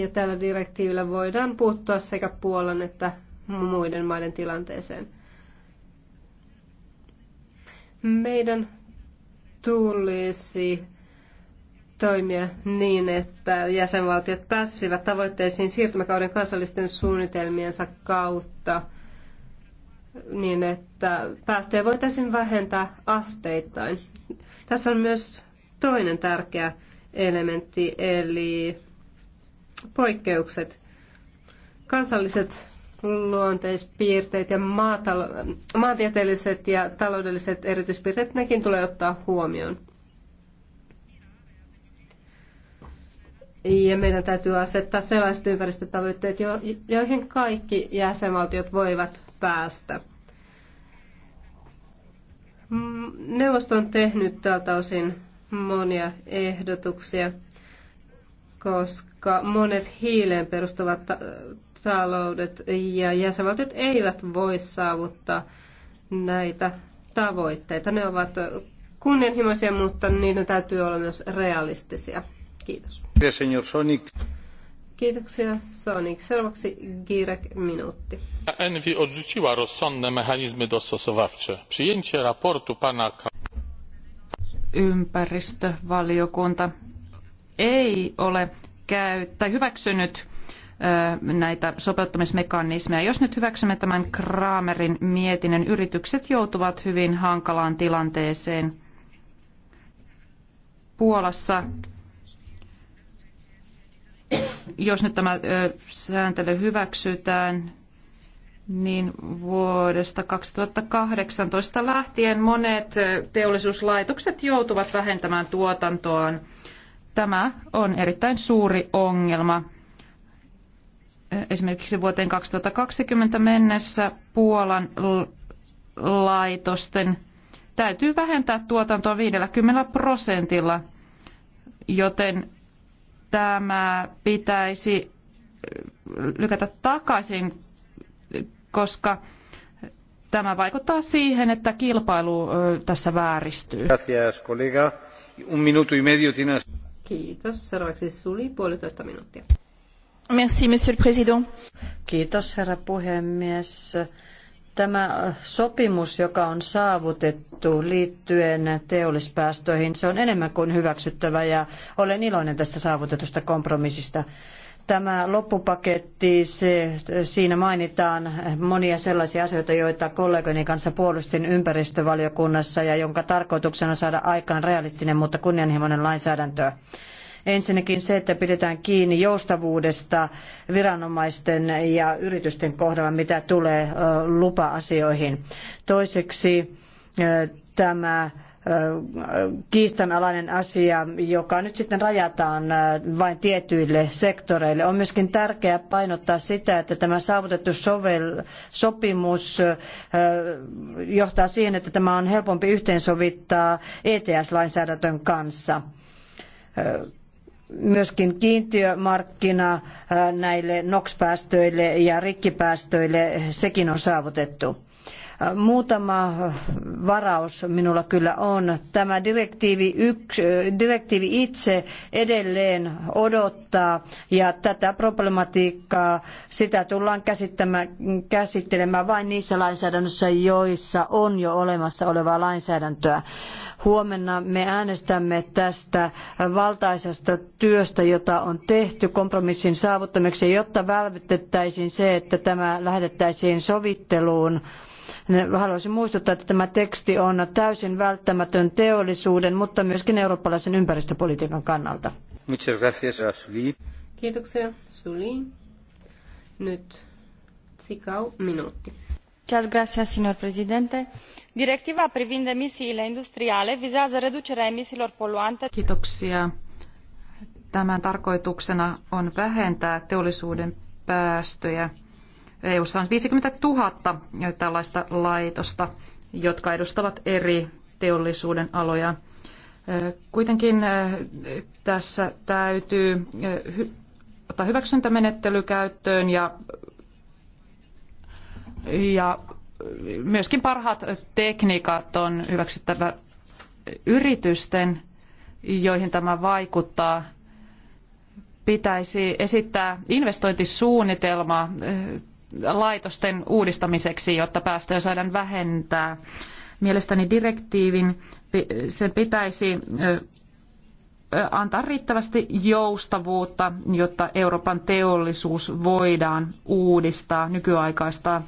Ja tällä direktiivillä voidaan puuttua sekä Puolan että muiden maiden tilanteeseen. Meidän tulisi toimia niin, että jäsenvaltiot pääsisivät tavoitteisiin siirtymäkauden kansallisten suunnitelmiensa kautta niin, että päästöjä voitaisiin vähentää asteittain. Tässä on myös toinen tärkeä elementti, eli poikkeukset. Kansalliset luonteispiirteet ja maatalo- maantieteelliset ja taloudelliset erityispiirteet, nekin tulee ottaa huomioon. Ja meidän täytyy asettaa sellaiset ympäristötavoitteet, joihin kaikki jäsenvaltiot voivat päästä. Mm, neuvosto on tehnyt tältä osin monia ehdotuksia koska monet hiileen perustuvat taloudet ja jäsenvaltiot eivät voi saavuttaa näitä tavoitteita. Ne ovat kunnianhimoisia, mutta niiden täytyy olla myös realistisia. Kiitos. Kiitoksia Sonic. Seuraavaksi Girek minuutti. Envi odrzuciła rozsądne mechanizmy dostosowawcze. Przyjęcie raportu pana Ympäristövaliokunta ei ole käy, tai hyväksynyt näitä sopeuttamismekanismeja. Jos nyt hyväksymme tämän Kramerin mietinnön, yritykset joutuvat hyvin hankalaan tilanteeseen. Puolassa, jos nyt tämä sääntely hyväksytään, niin vuodesta 2018 lähtien monet teollisuuslaitokset joutuvat vähentämään tuotantoaan – Tämä on erittäin suuri ongelma. Esimerkiksi vuoteen 2020 mennessä Puolan laitosten täytyy vähentää tuotantoa 50 prosentilla, joten tämä pitäisi eh, lykätä takaisin, koska tämä vaikuttaa siihen, että kilpailu eh, tässä vääristyy. Gracias, Kiitos. Seuraavaksi Suli, puolitoista minuuttia. Merci, monsieur le président. Kiitos, herra puhemies. Tämä sopimus, joka on saavutettu liittyen teollispäästöihin, se on enemmän kuin hyväksyttävä ja olen iloinen tästä saavutetusta kompromissista. Tämä loppupaketti, se, siinä mainitaan monia sellaisia asioita, joita kollegoni kanssa puolustin ympäristövaliokunnassa ja jonka tarkoituksena saada aikaan realistinen, mutta kunnianhimoinen lainsäädäntö. Ensinnäkin se, että pidetään kiinni joustavuudesta viranomaisten ja yritysten kohdalla, mitä tulee lupa-asioihin. Toiseksi tämä kiistanalainen asia, joka nyt sitten rajataan äh, vain tietyille sektoreille. On myöskin tärkeää painottaa sitä, että tämä saavutettu sovel- sopimus äh, johtaa siihen, että tämä on helpompi yhteensovittaa ETS-lainsäädäntön kanssa äh, myöskin kiintiömarkkina näille NOx-päästöille ja rikkipäästöille, sekin on saavutettu. Muutama varaus minulla kyllä on. Tämä direktiivi, yksi, direktiivi itse edelleen odottaa ja tätä problematiikkaa sitä tullaan käsittelemään vain niissä lainsäädännössä, joissa on jo olemassa olevaa lainsäädäntöä. Huomenna me äänestämme tästä valtaisesta työstä, jota on tehty kompromissin saavuttamiseksi, jotta vältettäisiin se, että tämä lähetettäisiin sovitteluun. Haluaisin muistuttaa, että tämä teksti on täysin välttämätön teollisuuden, mutta myöskin eurooppalaisen ympäristöpolitiikan kannalta. Muchas gracias, Kiitoksia, Suli. Nyt Tsikau, minuutti. Muchas gracias, señor Presidente. Directiva privind emisiile industriale vizează reducerea emisiilor poluante. Kiitoksia. Tämän tarkoituksena on vähentää teollisuuden päästöjä EU:ssa on 50 000 tällaista laitosta, jotka edustavat eri teollisuuden aloja. Kuitenkin tässä täytyy ottaa hyväksyntämenettely käyttöön ja, ja myöskin parhaat tekniikat on hyväksyttävä yritysten, joihin tämä vaikuttaa. Pitäisi esittää investointisuunnitelma laitosten uudistamiseksi, jotta päästöjä saadaan vähentää. Mielestäni direktiivin sen pitäisi antaa riittävästi joustavuutta, jotta Euroopan teollisuus voidaan uudistaa, nykyaikaistaa,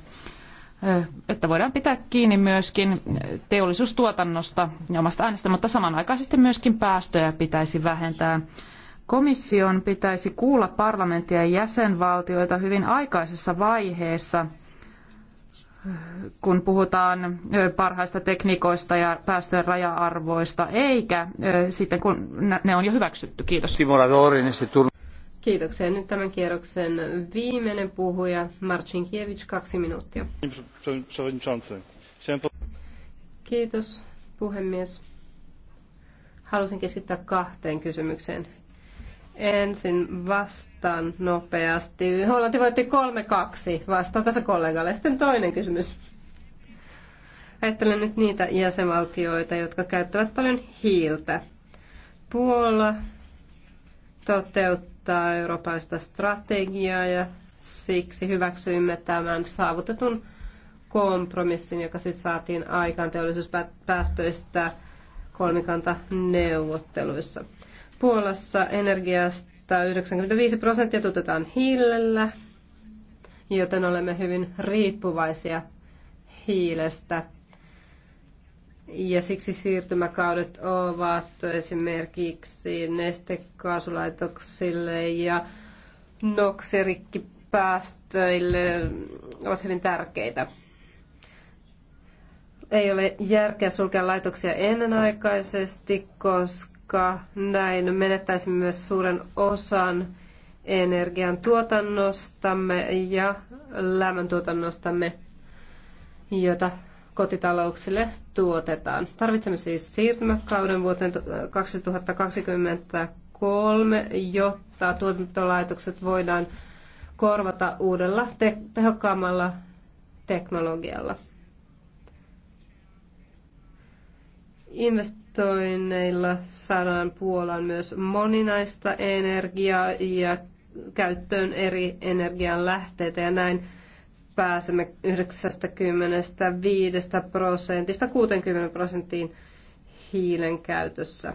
että voidaan pitää kiinni myöskin teollisuustuotannosta ja omasta äänestä, mutta samanaikaisesti myöskin päästöjä pitäisi vähentää. Komission pitäisi kuulla parlamenttia ja jäsenvaltioita hyvin aikaisessa vaiheessa, kun puhutaan parhaista tekniikoista ja päästöjen raja-arvoista, eikä sitten kun ne on jo hyväksytty. Kiitos. Kiitoksia. Nyt tämän kierroksen viimeinen puhuja, Marcin Kiewicz, kaksi minuuttia. Kiitos, puhemies. Halusin keskittää kahteen kysymykseen. Ensin vastaan nopeasti. Hollanti voitti 3-2. Vastaan tässä kollegalle. Sitten toinen kysymys. Ajattelen nyt niitä jäsenvaltioita, jotka käyttävät paljon hiiltä. Puola toteuttaa eurooppalaista strategiaa ja siksi hyväksyimme tämän saavutetun kompromissin, joka siis saatiin aikaan teollisuuspäästöistä kolmikanta neuvotteluissa. Puolassa energiasta 95 prosenttia tuotetaan hiilellä, joten olemme hyvin riippuvaisia hiilestä. Ja siksi siirtymäkaudet ovat esimerkiksi nestekaasulaitoksille ja noksirikkipäästöille ovat hyvin tärkeitä. Ei ole järkeä sulkea laitoksia ennenaikaisesti, koska koska näin menettäisimme myös suuren osan energian tuotannostamme ja lämmöntuotannostamme, jota kotitalouksille tuotetaan. Tarvitsemme siis siirtymäkauden vuoteen 2023, jotta tuotantolaitokset voidaan korvata uudella te- tehokkaammalla teknologialla. Investoinneilla saadaan Puolaan myös moninaista energiaa ja käyttöön eri energian lähteitä ja näin pääsemme 95 prosentista 60 prosenttiin hiilen käytössä.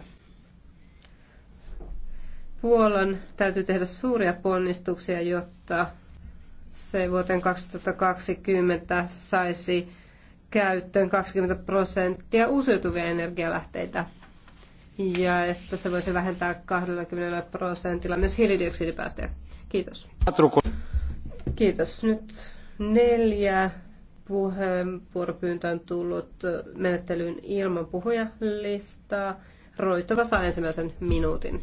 Puolan täytyy tehdä suuria ponnistuksia, jotta se vuoteen 2020 saisi käyttöön 20 prosenttia uusiutuvia energialähteitä ja että se voisi vähentää 20 prosentilla myös hiilidioksidipäästöjä. Kiitos. Kiitos. Nyt neljä puheenvuoropyyntöä on tullut menettelyyn ilman puhujalistaa. Roitova saa ensimmäisen minuutin.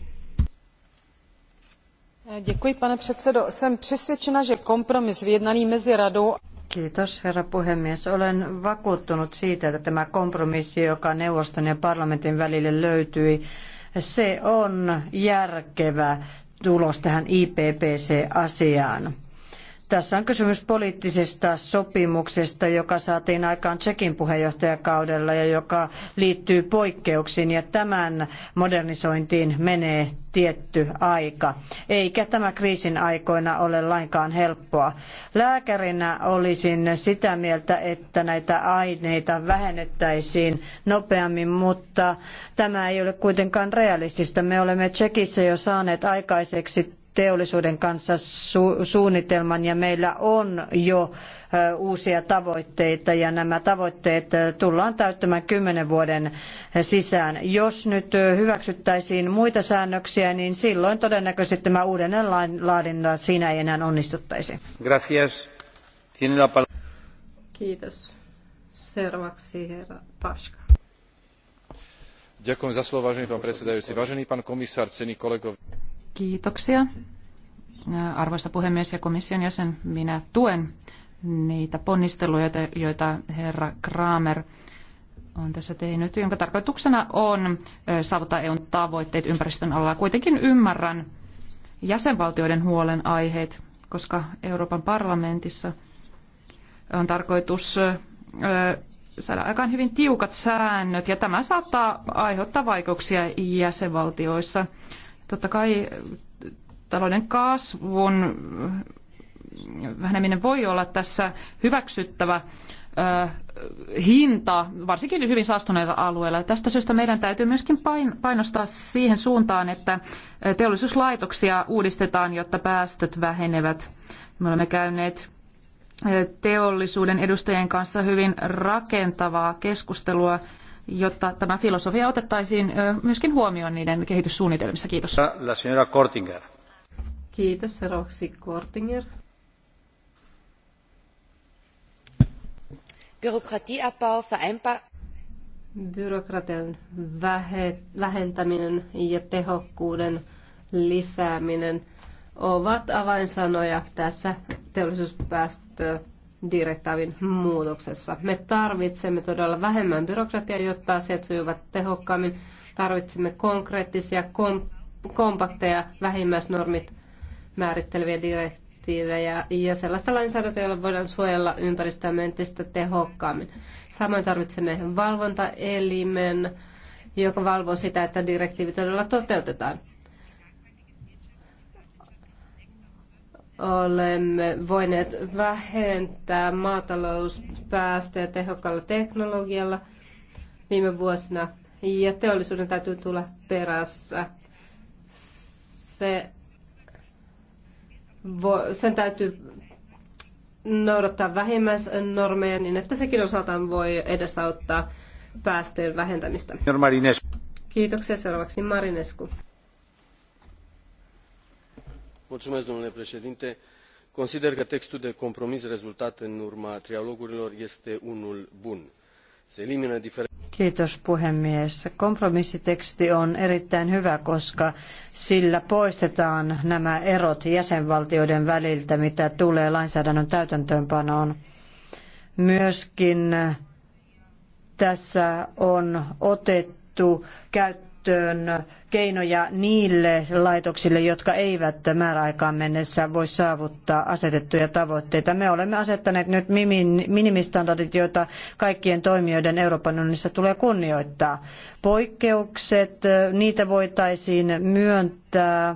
Děkuji, pane předsedo. Jsem přesvědčena, že kompromis vyjednaný mezi radou Kiitos, herra puhemies. Olen vakuuttunut siitä, että tämä kompromissi, joka neuvoston ja parlamentin välille löytyi, se on järkevä tulos tähän IPPC-asiaan. Tässä on kysymys poliittisesta sopimuksesta, joka saatiin aikaan Tsekin puheenjohtajakaudella ja joka liittyy poikkeuksiin ja tämän modernisointiin menee tietty aika. Eikä tämä kriisin aikoina ole lainkaan helppoa. Lääkärinä olisin sitä mieltä, että näitä aineita vähennettäisiin nopeammin, mutta tämä ei ole kuitenkaan realistista. Me olemme Tsekissä jo saaneet aikaiseksi teollisuuden kanssa su- suunnitelman ja meillä on jo uusia tavoitteita ja nämä tavoitteet tullaan täyttämään kymmenen vuoden sisään. Jos nyt hyväksyttäisiin muita säännöksiä, niin silloin todennäköisesti tämä uudelleen laadinta siinä ei enää onnistuttaisi. Gracias. Kiitos. Seuraavaksi herra Paška. Ďakujem za slovo, vážený pán predsedajúci. Vážený pán komisár, cení kolegov. Kiitoksia. Arvoisa puhemies ja komission jäsen, minä tuen niitä ponnisteluja, joita herra Kramer on tässä tehnyt, jonka tarkoituksena on saavuttaa EUn tavoitteet ympäristön alalla. Kuitenkin ymmärrän jäsenvaltioiden huolenaiheet, koska Euroopan parlamentissa on tarkoitus saada aikaan hyvin tiukat säännöt, ja tämä saattaa aiheuttaa vaikeuksia jäsenvaltioissa. Totta kai talouden kasvun väheneminen voi olla tässä hyväksyttävä hinta, varsinkin hyvin saastuneilla alueilla. Tästä syystä meidän täytyy myöskin painostaa siihen suuntaan, että teollisuuslaitoksia uudistetaan, jotta päästöt vähenevät. Me olemme käyneet teollisuuden edustajien kanssa hyvin rakentavaa keskustelua jotta tämä filosofia otettaisiin myöskin huomioon niiden kehityssuunnitelmissa. Kiitos. La señora Kortinger. Kiitos, Roxy Kortinger. Bürokratieabbau vereinbar byrokratian vähentäminen ja tehokkuuden lisääminen ovat avainsanoja tässä teollisuuspäästöä direktiivin muutoksessa. Me tarvitsemme todella vähemmän byrokratiaa, jotta asiat sujuvat tehokkaammin. Tarvitsemme konkreettisia, kom- kompakteja, vähimmäisnormit määritteleviä direktiivejä ja sellaista lainsäädäntöä, jolla voidaan suojella ympäristöä entistä tehokkaammin. Samoin tarvitsemme valvontaelimen, joka valvoo sitä, että direktiivi todella toteutetaan. olemme voineet vähentää maatalouspäästöjä tehokkaalla teknologialla viime vuosina ja teollisuuden täytyy tulla perässä. Se, vo, sen täytyy noudattaa vähimmäisnormeja niin, että sekin osaltaan voi edesauttaa päästöjen vähentämistä. Kiitoksia. Seuraavaksi Marinesku consider că textul de compromis rezultat în urma trialogurilor este unul bun. Se elimină Kiitos puhemies. Kompromissiteksti on erittäin hyvä, koska sillä poistetaan nämä erot jäsenvaltioiden väliltä, mitä tulee lainsäädännön täytäntöönpanoon. Myöskin tässä on otettu käyttöön käyttöön keinoja niille laitoksille, jotka eivät määräaikaan mennessä voi saavuttaa asetettuja tavoitteita. Me olemme asettaneet nyt minimistandardit, joita kaikkien toimijoiden Euroopan unionissa tulee kunnioittaa. Poikkeukset, niitä voitaisiin myöntää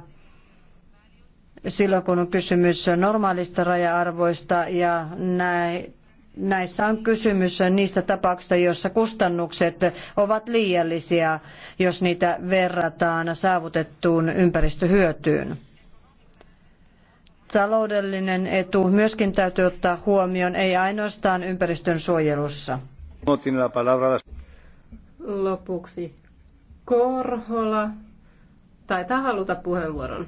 silloin kun on kysymys normaalista raja-arvoista ja näitä näissä on kysymys niistä tapauksista, joissa kustannukset ovat liiallisia, jos niitä verrataan saavutettuun ympäristöhyötyyn. Taloudellinen etu myöskin täytyy ottaa huomioon, ei ainoastaan ympäristön suojelussa. Lopuksi Korhola taitaa haluta puheenvuoron.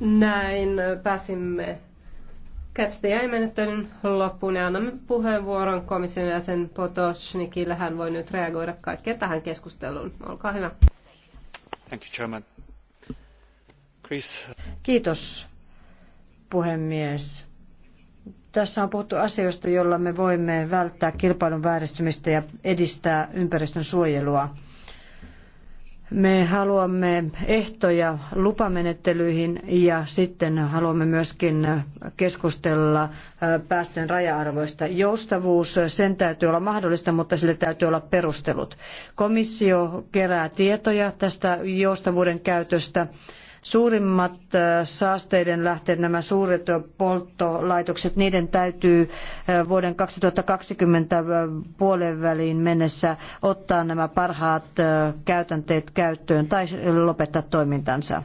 Näin pääsimme Catch the Eye-menettelyn loppuun ja annamme puheenvuoron komission jäsen Potosnikille. Hän voi nyt reagoida kaikkeen tähän keskusteluun. Olkaa hyvä. Thank you, Chairman. Chris. Kiitos, puhemies. Tässä on puhuttu asioista, joilla me voimme välttää kilpailun vääristymistä ja edistää ympäristön suojelua. Me haluamme ehtoja lupamenettelyihin ja sitten haluamme myöskin keskustella päästöjen raja-arvoista. Joustavuus, sen täytyy olla mahdollista, mutta sille täytyy olla perustelut. Komissio kerää tietoja tästä joustavuuden käytöstä Suurimmat äh, saasteiden lähteet, nämä suuret äh, polttolaitokset, niiden täytyy äh, vuoden 2020 puolen väliin mennessä ottaa nämä parhaat käytänteet käyttöön tai lopettaa toimintansa.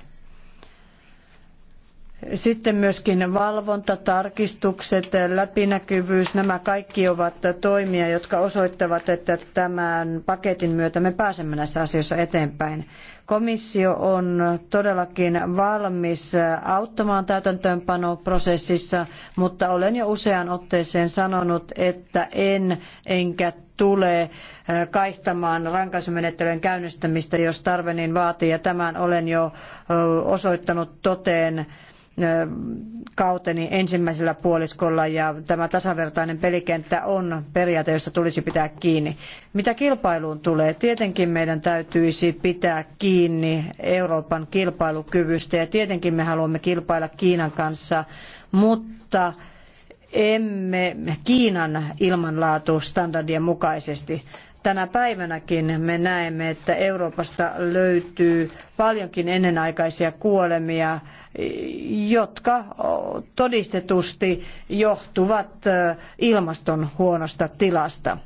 Sitten myöskin valvonta, tarkistukset, läpinäkyvyys, nämä kaikki ovat toimia, jotka osoittavat, että tämän paketin myötä me pääsemme näissä asioissa eteenpäin. Komissio on todellakin valmis auttamaan täytäntöönpanoprosessissa, mutta olen jo useaan otteeseen sanonut, että en enkä tule eh, kaihtamaan rankaisumenettelyn käynnistämistä, jos tarve niin vaatii, ja tämän olen jo eh, osoittanut toteen kauteni ensimmäisellä puoliskolla ja tämä tasavertainen pelikenttä on periaate, josta tulisi pitää kiinni. Mitä kilpailuun tulee, tietenkin meidän täytyisi pitää kiinni Euroopan kilpailukyvystä ja tietenkin me haluamme kilpailla Kiinan kanssa, mutta emme Kiinan ilmanlaatustandardien mukaisesti tänä päivänäkin me näemme, että Euroopasta löytyy paljonkin ennenaikaisia kuolemia, jotka todistetusti johtuvat ilmaston huonosta tilasta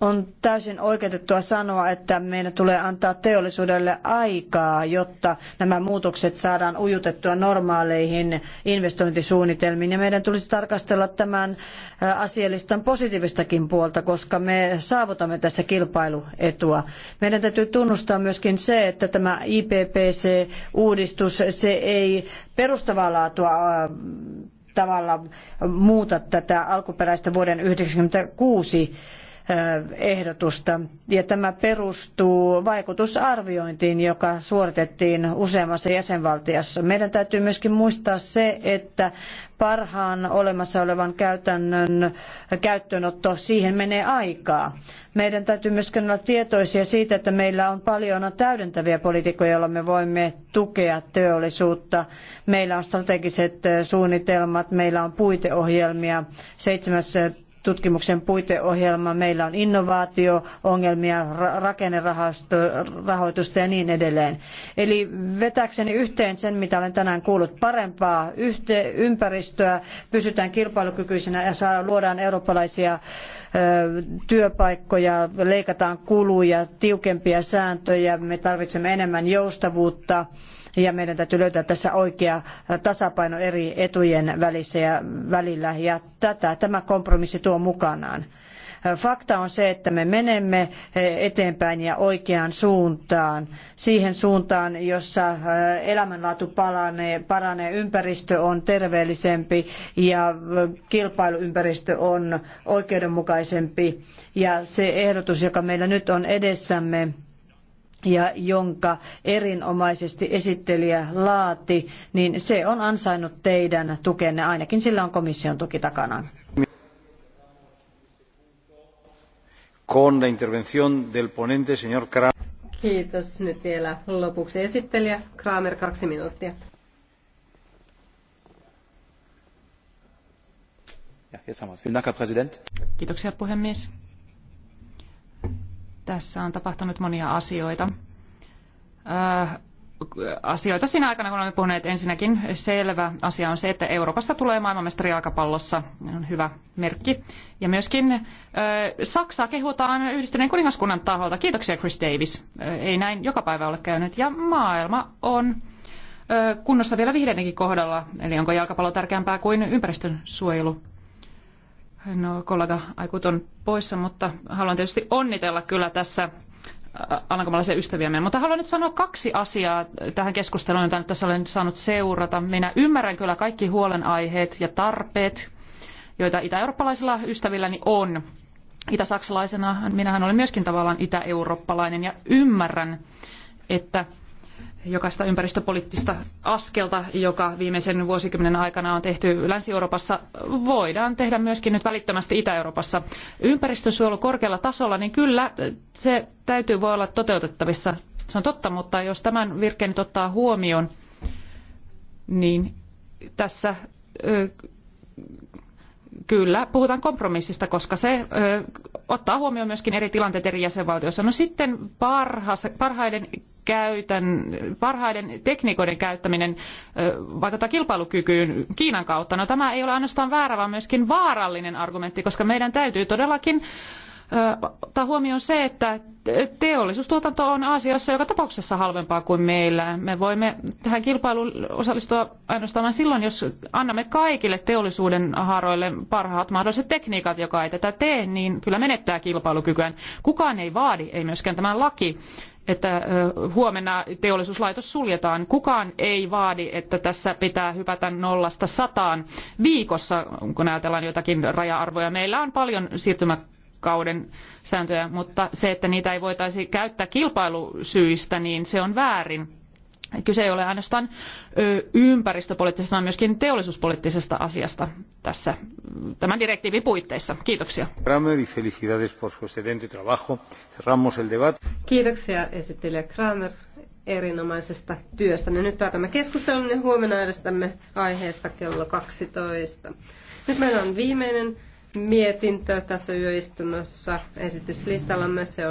on täysin oikeutettua sanoa, että meidän tulee antaa teollisuudelle aikaa, jotta nämä muutokset saadaan ujutettua normaaleihin investointisuunnitelmiin. Ja meidän tulisi tarkastella tämän asialistan positiivistakin puolta, koska me saavutamme tässä kilpailuetua. Meidän täytyy tunnustaa myöskin se, että tämä IPPC-uudistus, se ei perustavaa laatua tavalla muuta tätä alkuperäistä vuoden 1996 ehdotusta. Ja tämä perustuu vaikutusarviointiin, joka suoritettiin useammassa jäsenvaltiossa. Meidän täytyy myöskin muistaa se, että parhaan olemassa olevan käytännön käyttöönotto, siihen menee aikaa. Meidän täytyy myöskin olla tietoisia siitä, että meillä on paljon täydentäviä poliitikkoja, joilla me voimme tukea teollisuutta. Meillä on strategiset suunnitelmat, meillä on puiteohjelmia, seitsemäs tutkimuksen puiteohjelma, meillä on innovaatio-ongelmia, rakennerahoitusta ja niin edelleen. Eli vetäkseni yhteen sen, mitä olen tänään kuullut, parempaa yhte- ympäristöä, pysytään kilpailukykyisenä ja luodaan eurooppalaisia työpaikkoja, leikataan kuluja, tiukempia sääntöjä, me tarvitsemme enemmän joustavuutta ja meidän täytyy löytää tässä oikea tasapaino eri etujen välissä ja välillä ja tätä tämä kompromissi tuo mukanaan. Fakta on se, että me menemme eteenpäin ja oikeaan suuntaan, siihen suuntaan, jossa elämänlaatu paranee, paranee ympäristö on terveellisempi ja kilpailuympäristö on oikeudenmukaisempi. Ja se ehdotus, joka meillä nyt on edessämme, ja jonka erinomaisesti esittelijä laati, niin se on ansainnut teidän tukenne, ainakin sillä on komission tuki takanaan. Con la intervención del ponente, señor Kramer. Kiitos. Nyt vielä lopuksi esittelijä Kramer, kaksi minuuttia. Kiitoksia puhemies. Tässä on tapahtunut monia asioita. asioita siinä aikana, kun olemme puhuneet ensinnäkin selvä asia on se, että Euroopasta tulee maailmanmestari jalkapallossa. On hyvä merkki. Ja myöskin Saksaa kehutaan yhdistyneen kuningaskunnan taholta. Kiitoksia Chris Davis. ei näin joka päivä ole käynyt. Ja maailma on kunnossa vielä vihreidenkin kohdalla. Eli onko jalkapallo tärkeämpää kuin ympäristönsuojelu? No, kollega Aikut on poissa, mutta haluan tietysti onnitella kyllä tässä alankomaalaisia ystäviämme. Mutta haluan nyt sanoa kaksi asiaa tähän keskusteluun, jota nyt tässä olen saanut seurata. Minä ymmärrän kyllä kaikki huolenaiheet ja tarpeet, joita itä-eurooppalaisilla ystävilläni on. Itä-saksalaisena minähän olen myöskin tavallaan itä-eurooppalainen ja ymmärrän, että jokaista ympäristöpoliittista askelta, joka viimeisen vuosikymmenen aikana on tehty Länsi-Euroopassa, voidaan tehdä myöskin nyt välittömästi Itä-Euroopassa. Ympäristönsuojelu korkealla tasolla, niin kyllä se täytyy voi olla toteutettavissa. Se on totta, mutta jos tämän virkkeen nyt ottaa huomioon, niin tässä kyllä puhutaan kompromissista, koska se ottaa huomioon myöskin eri tilanteet eri jäsenvaltioissa. No sitten parhaas, parhaiden, käytän, parhaiden tekniikoiden käyttäminen vaikuttaa kilpailukykyyn Kiinan kautta. No tämä ei ole ainoastaan väärä, vaan myöskin vaarallinen argumentti, koska meidän täytyy todellakin ottaa huomioon se, että teollisuustuotanto on Aasiassa joka tapauksessa halvempaa kuin meillä. Me voimme tähän kilpailuun osallistua ainoastaan silloin, jos annamme kaikille teollisuuden haroille parhaat mahdolliset tekniikat, joka ei tätä tee, niin kyllä menettää kilpailukykyään. Kukaan ei vaadi, ei myöskään tämä laki, että huomenna teollisuuslaitos suljetaan. Kukaan ei vaadi, että tässä pitää hypätä nollasta sataan viikossa, kun ajatellaan jotakin raja-arvoja. Meillä on paljon siirtymä kauden sääntöjä, mutta se, että niitä ei voitaisi käyttää kilpailusyistä, niin se on väärin. Kyse ei ole ainoastaan ympäristöpoliittisesta, vaan myöskin teollisuuspoliittisesta asiasta tässä tämän direktiivin puitteissa. Kiitoksia. Kiitoksia esittelijä Kramer erinomaisesta työstä. No, nyt päätämme keskustelun ja huomenna äänestämme aiheesta kello 12. Nyt meillä on viimeinen mietintö tässä yöistunnossa esityslistallamme. Se